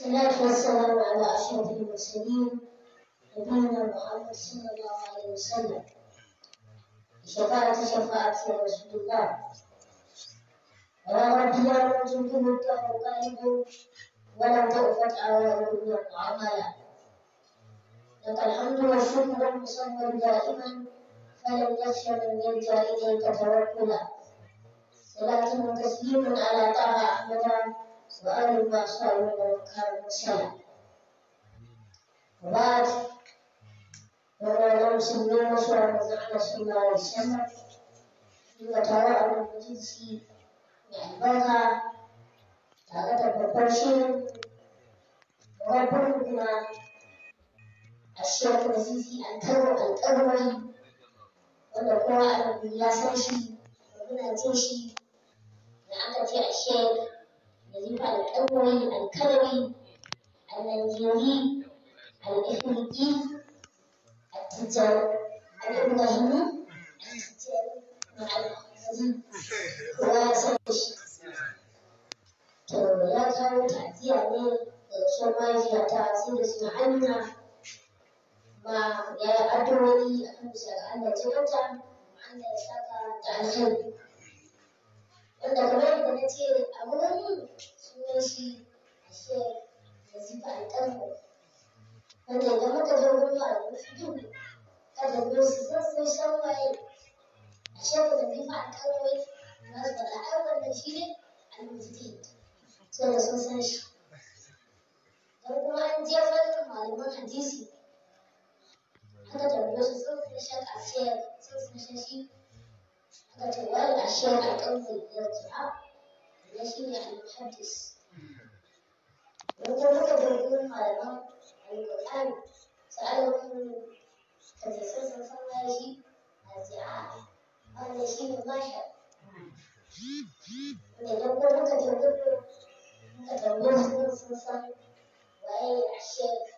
الصلاة والسلام على أشرف المرسلين نبينا محمد صلى الله عليه وسلم شفاعة شفاعة رسول الله يا رب لا منجد منك مقلب ولم تؤفت الدنيا عمايا لك الحمد والشكر المصمم دائما فلم يخش من يلجا اليك توكلا صلاة تسليم على طه احمد سؤال ما شاء الله كان مشاهد وبعد وما نمشي اليوم شعر زعم سنة والشمع إن ترى أن تجلسي لعبها تعالى بالبرشين وربنا الشيخ العزيزي الكرم الكرمي ونقوى أن ياسر شيء ومن أنتشي لعمتي الشيخ يجب على الأول الكروي النيجيري الإفريقي التجاري الإبراهيمي التجاري مع الخزري وسويش to ya kawo ta'aziyya ne da rasuwar mahaifiya ta sai da suna ma ya yi addu'o'i a kan bisa ga Allah ta mata ya saka wannan da na ce a wurin sunan shi a shek nazifa alƙarfa wanda idan muka je wurin malamin fikihu kada mu su sassan shawaye a shek nazifa alƙarfa na su faɗa ai wannan shi ne al-mujtahid sai da sun san shi don kuma an je fannin malaman hadisi haka da wasu sun san shek a shek sun san shi أتولى الشيخ الأنظر يرجع لكن يعني محدث وانت ممكن يقول معلمان القرآن سألهم تتسلسل صلى شيء أرجع هذا شيء مباشر ولو ممكن يقول ممكن يقول صلى وأي الشيخ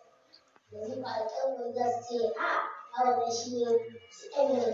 يجب على الأول يرجع هذا شيء سألني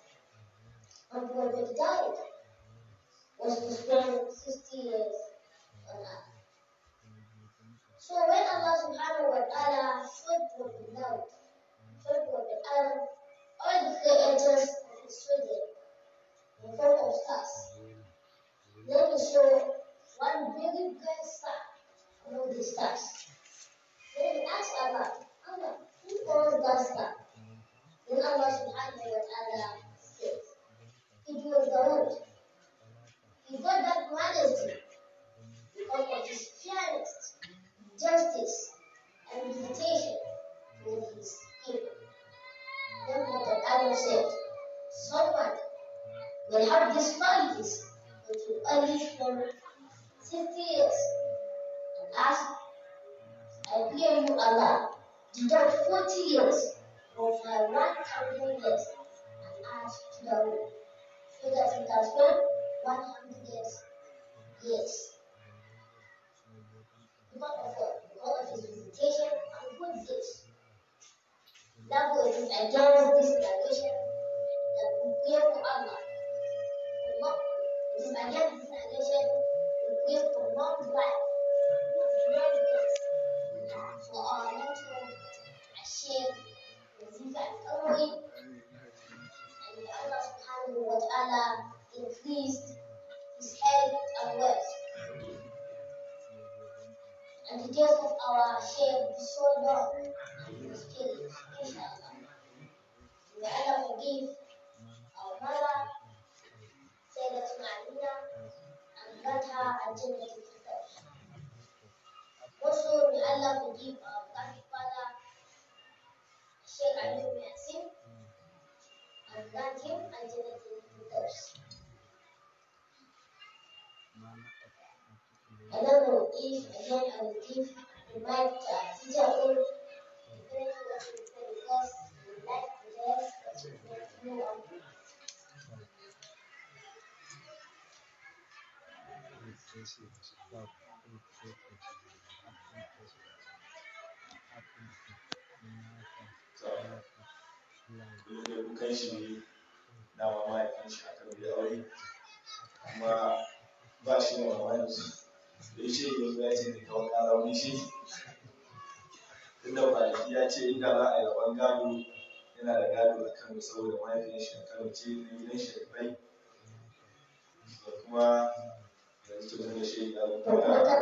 on where they died was to spend 60 years on earth. So when Allah subhanahu wa ta'ala showed Prophet Daud, showed Prophet Adam, all the creators of his children in front of stars, then he showed one very bright star among the stars. Then he asked Allah, Allah, who caused that star? Then Allah subhanahu wa ta'ala And Allah increased his and wealth. And the days of our shame is so long and still, inshallah. Allah forgive our mother, Sayyidatuna Amina, and grant her a generous Also, may Allah forgive auren shi ne na mahaifin shi aka bi aure amma ba shi da mama yanzu da shi yanzu ya ce daga wani ƙara wani shi inda kwanaki ya ce inda za a yi rabon gado yana da gado a kano saboda mahaifin shi a kano ce na gidan shi da bai da kuma yanzu tun da shi ya rubuta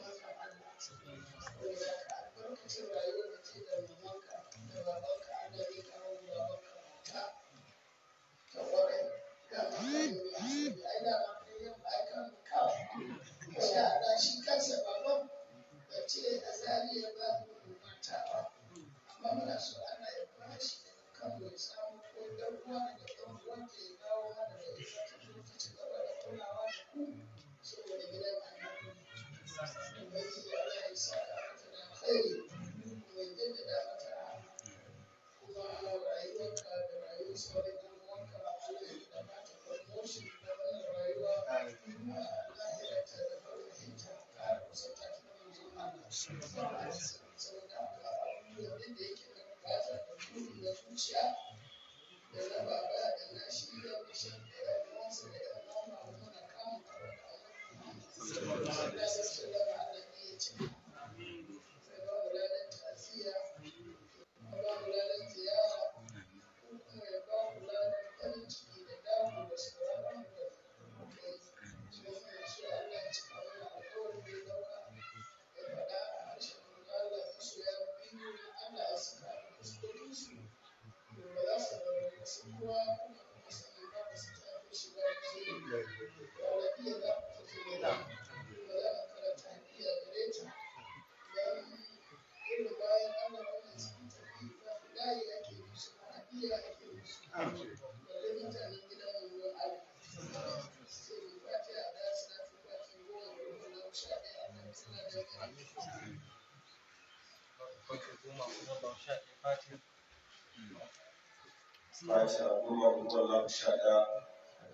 Aisha goma da zuwa lafi sha ɗaya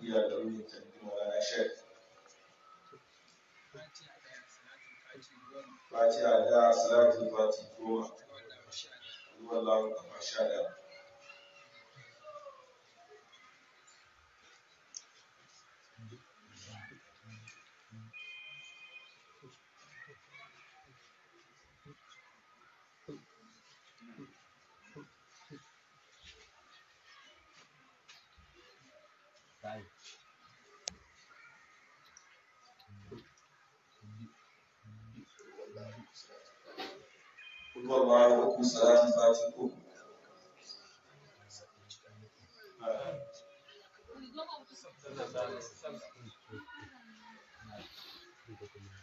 a iya da wuni ta bi shek. a da salatin fati goma. Zuwa lafi sha kuma ba ya uku salati fati ko Thank you.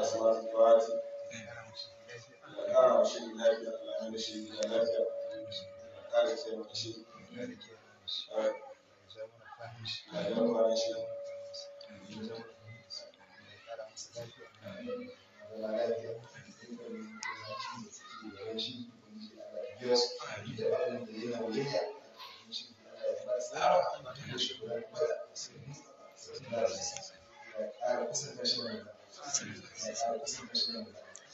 kasuwa fati da da shi gida lafiya da kara ce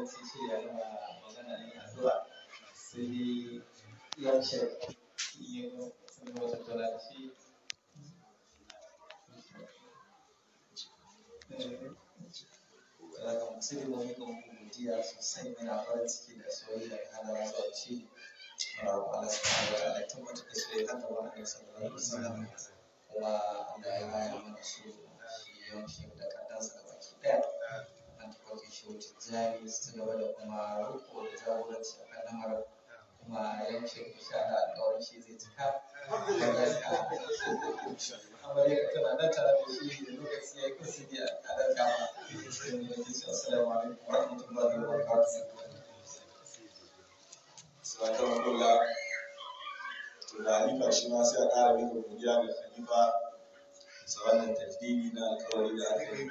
ya sun shirya mana magana ne a zuwa sai dai ya ce yi sun wata tara sai da wani kan godiya sosai yana farin ciki da soyayya da hana zuwa ci da Allah subhanahu da soyayya haka kuma da da baki shehu tijjani su gaba da kuma riko da jagoranci a kan lamarin kuma yankin insha alƙawarin shi zai cika daga amarya ka tana nan tare da shi da lokaci ya yi kusa a kama da ke cewa salamu alaikum wa rahmatullahi wa barakatuhu. Sakamakon kula tunani ma sai a ƙara sa wannan na alƙawari da aka yi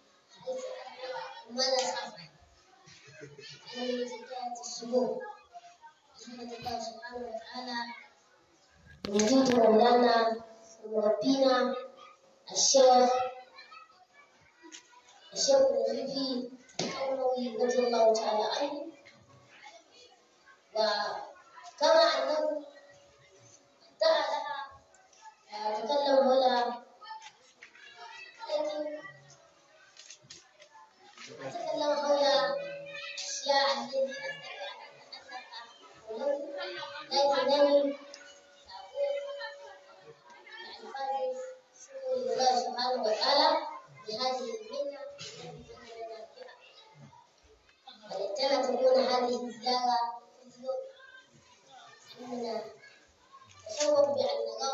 Mwenyekiti wa Maulana Mwapina Asheikh Mufidi Kaumawi radhiallahu taala anhu, wa kama anavyo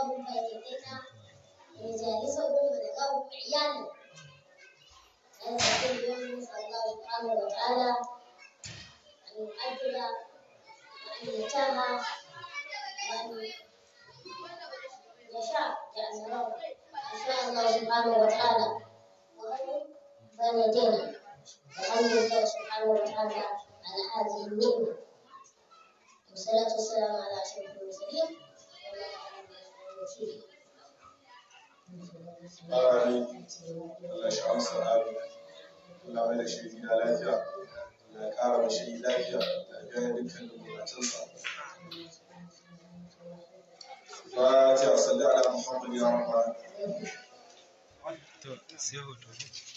من فريقنا يجالسهم ونقاهم نسأل الله سبحانه وتعالى أن يؤجل وأن يتاهى وأن يشاء إن شاء الله سبحانه وتعالى وأن بلدنا والحمد لله سبحانه وتعالى على هذه النعمة والصلاة والسلام على أشرف المرسلين Amin. Allah shi amsa amin. Allah mai da shi gida lafiya. Allah ya ƙara mashi lafiya da biyan dukkan bukatunsa. Fatiha salli ala Muhammad ya Rahman. To, sai hoto ne.